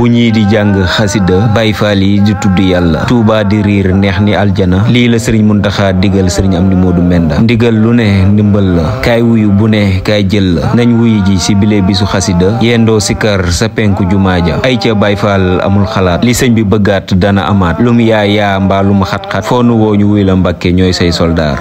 bu ñii di jàng xasida Baay Faal yi di tudd yàlla Touba di riir neex ni aljana lii la sëriñ Muntaxa digal sëriñ Amdi Moodu Menda ndigal lu ne ndimbal la kaay wuyu bu ne kaay jël la nañ wuyu ji ci bile bisu xasida yendoo sikar sa penku jumaa ja ay ca Baay amul xalaat li sëñ bi bëggaat dana amaat lum yaa yaa mbaa lum xat-xat foo woo ñu wuy la Mbàkke ñooy say soldaar